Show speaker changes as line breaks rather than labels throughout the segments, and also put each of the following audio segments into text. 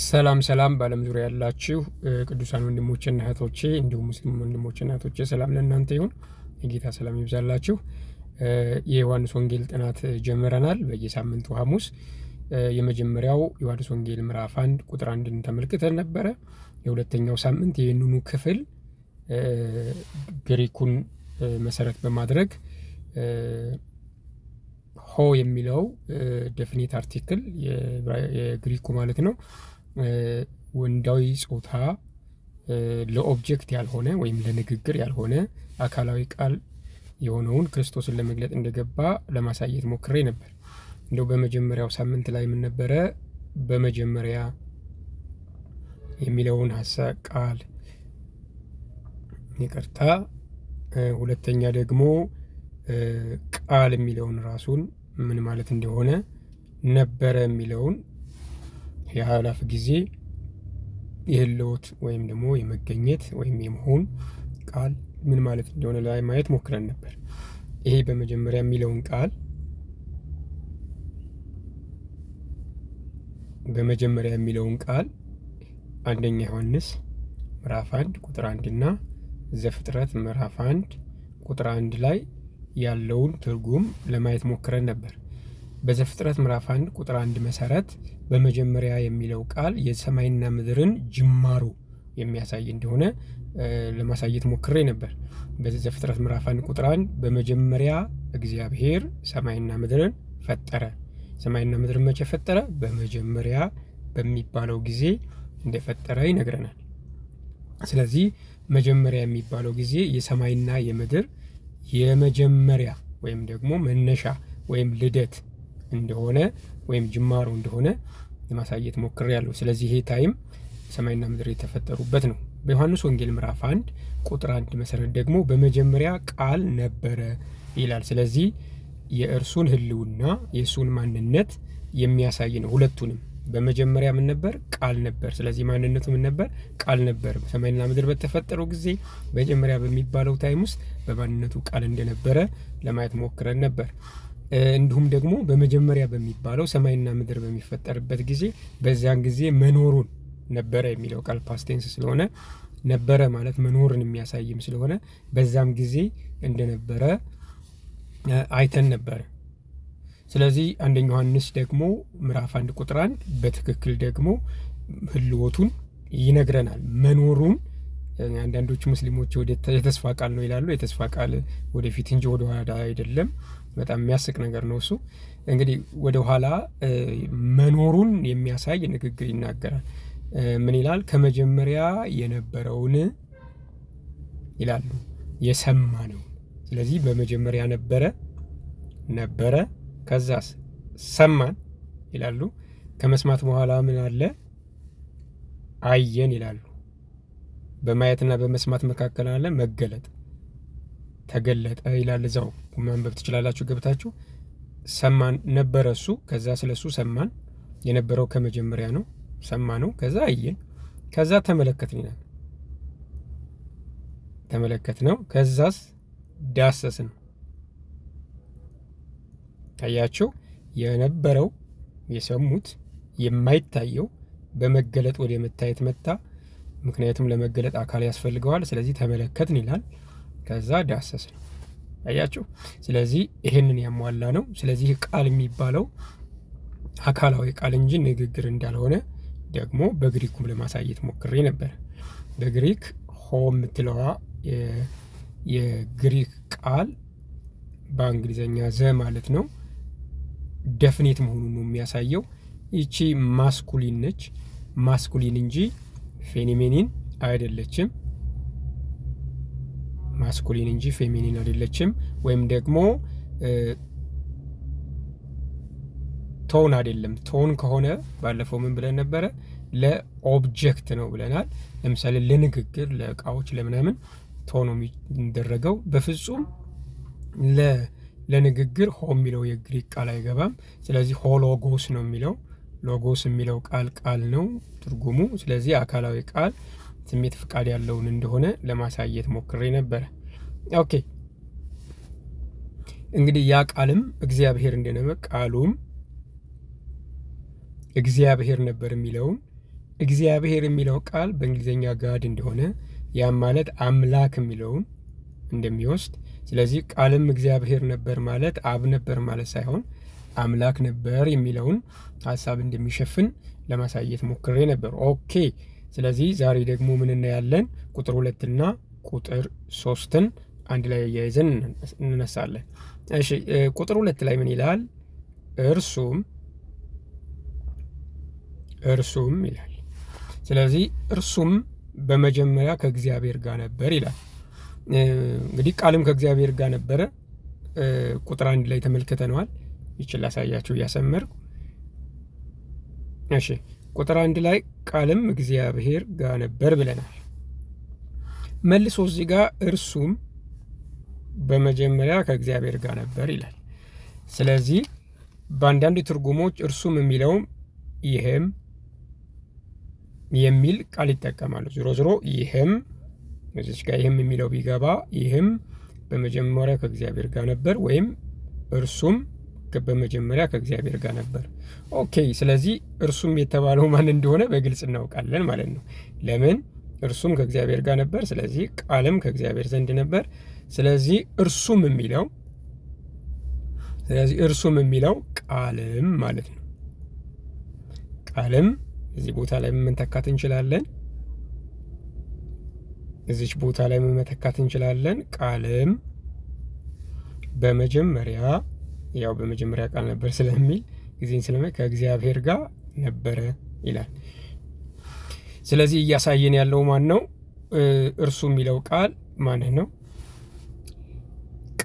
ሰላም ሰላም በዓለም ዙሪያ ያላችሁ ቅዱሳን ወንድሞችና እህቶቼ እንዲሁም ሙስሊም ወንድሞችና እህቶቼ ሰላም ለእናንተ ይሁን። የጌታ ሰላም ይብዛላችሁ። የዮሐንስ ወንጌል ጥናት ጀምረናል። በየሳምንቱ ሐሙስ የመጀመሪያው ዮሐንስ ወንጌል ምዕራፍ አንድ ቁጥር አንድን ተመልክተን ነበረ። የሁለተኛው ሳምንት ይህንኑ ክፍል ግሪኩን መሰረት በማድረግ ሆ የሚለው ደፍኔት አርቲክል የግሪኩ ማለት ነው ወንዳዊ ጾታ ለኦብጀክት ያልሆነ ወይም ለንግግር ያልሆነ አካላዊ ቃል የሆነውን ክርስቶስን ለመግለጥ እንደገባ ለማሳየት ሞክሬ ነበር። እንደው በመጀመሪያው ሳምንት ላይ ምን ነበረ? በመጀመሪያ የሚለውን ሀሳብ ቃል ይቅርታ፣ ሁለተኛ ደግሞ ቃል የሚለውን ራሱን ምን ማለት እንደሆነ ነበረ የሚለውን የአላፍ ጊዜ የህልውት ወይም ደግሞ የመገኘት ወይም የመሆን ቃል ምን ማለት እንደሆነ ላይ ማየት ሞክረን ነበር። ይሄ በመጀመሪያ የሚለውን ቃል በመጀመሪያ የሚለውን ቃል አንደኛ ዮሐንስ ምዕራፍ አንድ ቁጥር አንድ እና ዘፍጥረት ምዕራፍ አንድ ቁጥር አንድ ላይ ያለውን ትርጉም ለማየት ሞክረን ነበር። በዘፍጥረት ምዕራፍ 1 ቁጥር 1 መሰረት በመጀመሪያ የሚለው ቃል የሰማይና ምድርን ጅማሩ የሚያሳይ እንደሆነ ለማሳየት ሞክሬ ነበር። በዘፍጥረት ምዕራፍ 1 ቁጥር 1 በመጀመሪያ እግዚአብሔር ሰማይና ምድርን ፈጠረ። ሰማይና ምድርን መቼ ፈጠረ? በመጀመሪያ በሚባለው ጊዜ እንደፈጠረ ይነግረናል። ስለዚህ መጀመሪያ የሚባለው ጊዜ የሰማይና የምድር የመጀመሪያ ወይም ደግሞ መነሻ ወይም ልደት እንደሆነ ወይም ጅማሮ እንደሆነ ለማሳየት ሞክር ያለው ስለዚህ ይሄ ታይም ሰማይና ምድር የተፈጠሩበት ነው። በዮሐንስ ወንጌል ምዕራፍ አንድ ቁጥር አንድ መሰረት ደግሞ በመጀመሪያ ቃል ነበረ ይላል። ስለዚህ የእርሱን ህልውና የእሱን ማንነት የሚያሳይ ነው። ሁለቱንም በመጀመሪያ ምን ነበር? ቃል ነበር። ስለዚህ ማንነቱ ምን ነበር? ቃል ነበር። ሰማይና ምድር በተፈጠረው ጊዜ መጀመሪያ በሚባለው ታይም ውስጥ በማንነቱ ቃል እንደነበረ ለማየት ሞክረን ነበር። እንዲሁም ደግሞ በመጀመሪያ በሚባለው ሰማይና ምድር በሚፈጠርበት ጊዜ በዚያን ጊዜ መኖሩን ነበረ የሚለው ቃል ፓስቴንስ ስለሆነ ነበረ ማለት መኖርን የሚያሳይም ስለሆነ በዛም ጊዜ እንደነበረ አይተን ነበረ። ስለዚህ አንደኛ ዮሐንስ ደግሞ ምዕራፍ አንድ ቁጥር አንድ በትክክል ደግሞ ህልወቱን ይነግረናል መኖሩን አንዳንዶቹ ሙስሊሞች የተስፋ ቃል ነው ይላሉ። የተስፋ ቃል ወደፊት እንጂ ወደኋላ አይደለም። በጣም የሚያስቅ ነገር ነው። እሱ እንግዲህ ወደ ኋላ መኖሩን የሚያሳይ ንግግር ይናገራል። ምን ይላል? ከመጀመሪያ የነበረውን ይላሉ የሰማ ነው። ስለዚህ በመጀመሪያ ነበረ ነበረ፣ ከዛ ሰማን ይላሉ። ከመስማት በኋላ ምን አለ? አየን ይላሉ። በማየትና በመስማት መካከል አለ መገለጥ ተገለጠ ይላል። እዛው ማንበብ ትችላላችሁ ገብታችሁ። ሰማን ነበረ እሱ ከዛ ስለ እሱ ሰማን የነበረው ከመጀመሪያ ነው ሰማ ነው። ከዛ አየን፣ ከዛ ተመለከትን ይላል። ተመለከት ነው፣ ከዛስ ዳሰስ ነው። ታያቸው የነበረው የሰሙት የማይታየው በመገለጥ ወደ መታየት መጣ። ምክንያቱም ለመገለጥ አካል ያስፈልገዋል። ስለዚህ ተመለከትን ይላል። ከዛ ዳሰስ ነው። አያችሁ። ስለዚህ ይሄንን ያሟላ ነው። ስለዚህ ቃል የሚባለው አካላዊ ቃል እንጂ ንግግር እንዳልሆነ ደግሞ በግሪኩም ለማሳየት ሞክሬ ነበር። በግሪክ ሆ የምትለዋ የግሪክ ቃል በእንግሊዝኛ ዘ ማለት ነው ደፍኔት መሆኑን ነው የሚያሳየው። ይቺ ማስኩሊን ነች። ማስኩሊን እንጂ ፌኒሜኒን አይደለችም። ማስኩሊን እንጂ ፌሚኒን አይደለችም፣ ወይም ደግሞ ቶን አይደለም። ቶን ከሆነ ባለፈው ምን ብለን ነበረ? ለኦብጀክት ነው ብለናል። ለምሳሌ ለንግግር፣ ለእቃዎች፣ ለምናምን ቶን የሚደረገው። በፍጹም ለንግግር ሆ የሚለው የግሪክ ቃል አይገባም። ስለዚህ ሆሎጎስ ነው የሚለው ሎጎስ የሚለው ቃል ቃል ነው ትርጉሙ። ስለዚህ አካላዊ ቃል ስሜት ፍቃድ ያለውን እንደሆነ ለማሳየት ሞክሬ ነበረ። ኦኬ እንግዲህ ያ ቃልም እግዚአብሔር እንደነበር ቃሉም እግዚአብሔር ነበር የሚለውን እግዚአብሔር የሚለው ቃል በእንግሊዝኛ ጋድ እንደሆነ ያም ማለት አምላክ የሚለውን እንደሚወስድ ስለዚህ ቃልም እግዚአብሔር ነበር ማለት አብ ነበር ማለት ሳይሆን አምላክ ነበር የሚለውን ሀሳብ እንደሚሸፍን ለማሳየት ሞክሬ ነበር። ኦኬ። ስለዚህ ዛሬ ደግሞ ምን እናያለን? ቁጥር ሁለትና ቁጥር ሶስትን አንድ ላይ እያይዘን እንነሳለን። እሺ ቁጥር ሁለት ላይ ምን ይላል? እርሱም እርሱም ይላል። ስለዚህ እርሱም በመጀመሪያ ከእግዚአብሔር ጋር ነበር ይላል። እንግዲህ ቃልም ከእግዚአብሔር ጋር ነበረ። ቁጥር አንድ ላይ ተመልክተነዋል። ይችል ላሳያችሁ እያሰመርኩ እሺ ቁጥር አንድ ላይ ቃልም እግዚአብሔር ጋር ነበር ብለናል። መልሶ እዚህ ጋር እርሱም በመጀመሪያ ከእግዚአብሔር ጋር ነበር ይላል። ስለዚህ በአንዳንድ ትርጉሞች እርሱም የሚለውም ይህም የሚል ቃል ይጠቀማሉ። ዞሮ ዞሮ ይህም እዚች ጋር ይህም የሚለው ቢገባ ይህም በመጀመሪያ ከእግዚአብሔር ጋር ነበር ወይም እርሱም በመጀመሪያ ከእግዚአብሔር ጋር ነበር። ኦኬ። ስለዚህ እርሱም የተባለው ማን እንደሆነ በግልጽ እናውቃለን ማለት ነው። ለምን እርሱም ከእግዚአብሔር ጋር ነበር። ስለዚህ ቃልም ከእግዚአብሔር ዘንድ ነበር። ስለዚህ እርሱም የሚለው ስለዚህ እርሱም የሚለው ቃልም ማለት ነው። ቃልም እዚህ ቦታ ላይ መተካት እንችላለን። እዚች ቦታ ላይ መተካት እንችላለን። ቃልም በመጀመሪያ ያው በመጀመሪያ ቃል ነበር ስለሚል ጊዜን ስለሚ ከእግዚአብሔር ጋር ነበረ ይላል። ስለዚህ እያሳየን ያለው ማን ነው? እርሱ የሚለው ቃል ማን ነው?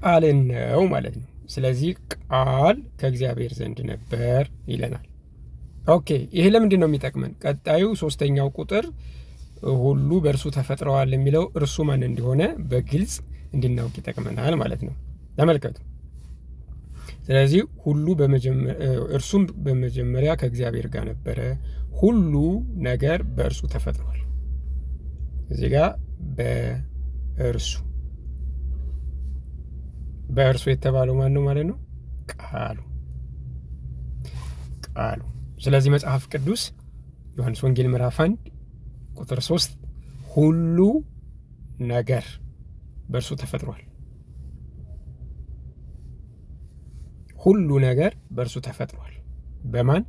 ቃልን ነው ማለት ነው። ስለዚህ ቃል ከእግዚአብሔር ዘንድ ነበር ይለናል። ኦኬ ይሄ ለምንድን ነው የሚጠቅመን? ቀጣዩ ሶስተኛው ቁጥር ሁሉ በእርሱ ተፈጥረዋል የሚለው እርሱ ማን እንደሆነ በግልጽ እንድናውቅ ይጠቅመናል ማለት ነው። ተመልከቱ። ስለዚህ ሁሉ እርሱም በመጀመሪያ ከእግዚአብሔር ጋር ነበረ፣ ሁሉ ነገር በእርሱ ተፈጥሯል። እዚህ ጋር በእርሱ በእርሱ የተባለው ማን ነው ማለት ነው? ቃሉ ቃሉ። ስለዚህ መጽሐፍ ቅዱስ ዮሐንስ ወንጌል ምዕራፍ አንድ ቁጥር ሶስት ሁሉ ነገር በእርሱ ተፈጥሯል። ሁሉ ነገር በእርሱ ተፈጥሯል። በማን?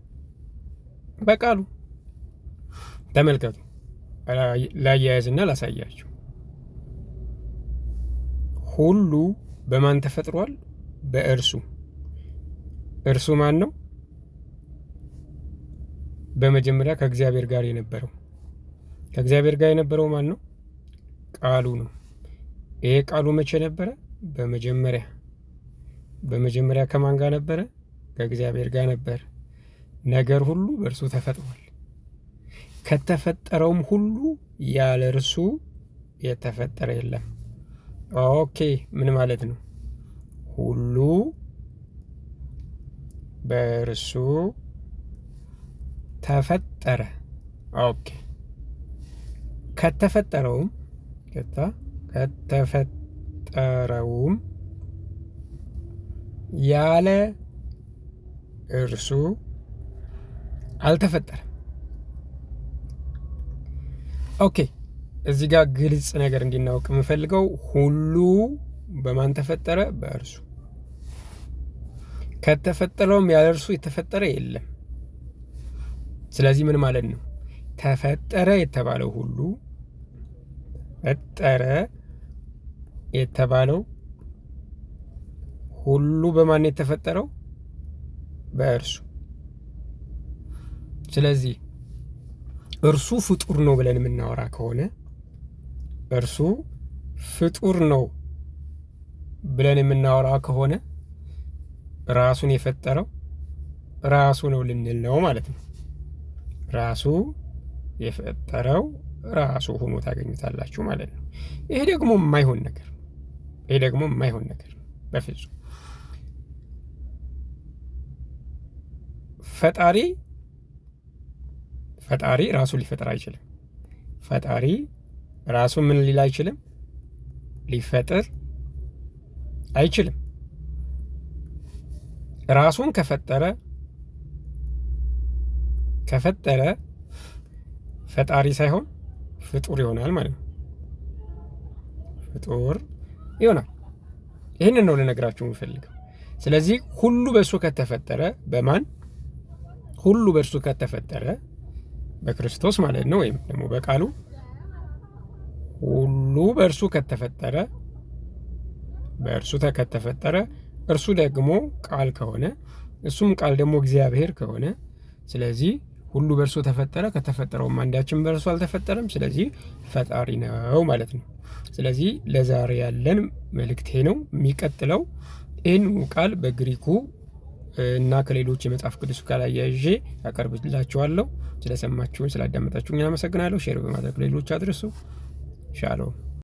በቃሉ። ተመልከቱ፣ ላያያዝና ላሳያችሁ ሁሉ በማን ተፈጥሯል? በእርሱ። እርሱ ማን ነው? በመጀመሪያ ከእግዚአብሔር ጋር የነበረው ከእግዚአብሔር ጋር የነበረው ማን ነው? ቃሉ ነው። ይሄ ቃሉ መቼ ነበረ? በመጀመሪያ። በመጀመሪያ ከማን ጋር ነበረ? ከእግዚአብሔር ጋር ነበር። ነገር ሁሉ በእርሱ ተፈጥሯል። ከተፈጠረውም ሁሉ ያለ እርሱ የተፈጠረ የለም። ኦኬ ምን ማለት ነው? ሁሉ በእርሱ ተፈጠረ። ኦኬ ከተፈጠረውም ከተፈጠረውም ያለ እርሱ አልተፈጠረም። ኦኬ እዚህ ጋር ግልጽ ነገር እንዲናወቅ የምፈልገው ሁሉ በማን ተፈጠረ? በእርሱ ከተፈጠረውም ያለ እርሱ የተፈጠረ የለም። ስለዚህ ምን ማለት ነው? ተፈጠረ የተባለው ሁሉ ፈጠረ የተባለው ሁሉ በማን የተፈጠረው? በእርሱ። ስለዚህ እርሱ ፍጡር ነው ብለን የምናወራ ከሆነ እርሱ ፍጡር ነው ብለን የምናወራ ከሆነ ራሱን የፈጠረው ራሱ ነው ልንል ነው ማለት ነው። ራሱ የፈጠረው ራሱ ሆኖ ታገኙታላችሁ ማለት ነው። ይሄ ደግሞ የማይሆን ነገር ይሄ ደግሞ የማይሆን ነገር በፍጹም ፈጣሪ ፈጣሪ ራሱ ሊፈጥር አይችልም። ፈጣሪ ራሱ ምን ሊል አይችልም፣ ሊፈጥር አይችልም። ራሱን ከፈጠረ ከፈጠረ ፈጣሪ ሳይሆን ፍጡር ይሆናል ማለት ነው። ፍጡር ይሆናል። ይህንን ነው ልነግራችሁ የምፈልገው። ስለዚህ ሁሉ በእርሱ ከተፈጠረ በማን ሁሉ በእርሱ ከተፈጠረ በክርስቶስ ማለት ነው፣ ወይም ደግሞ በቃሉ ሁሉ በእርሱ ከተፈጠረ በእርሱ ከተፈጠረ እርሱ ደግሞ ቃል ከሆነ እሱም ቃል ደግሞ እግዚአብሔር ከሆነ ስለዚህ ሁሉ በእርሱ ተፈጠረ፣ ከተፈጠረውም አንዳችን በእርሱ አልተፈጠረም። ስለዚህ ፈጣሪ ነው ማለት ነው። ስለዚህ ለዛሬ ያለን መልእክቴ ነው። የሚቀጥለው ይህንኑ ቃል በግሪኩ እና ከሌሎች የመጽሐፍ ቅዱስ ቃል አያይዤ ያቀርብላችኋለሁ። ስለሰማችሁን ስላዳመጣችሁኝ አመሰግናለሁ። ሼር በማድረግ ሌሎች አድርሱ። shadow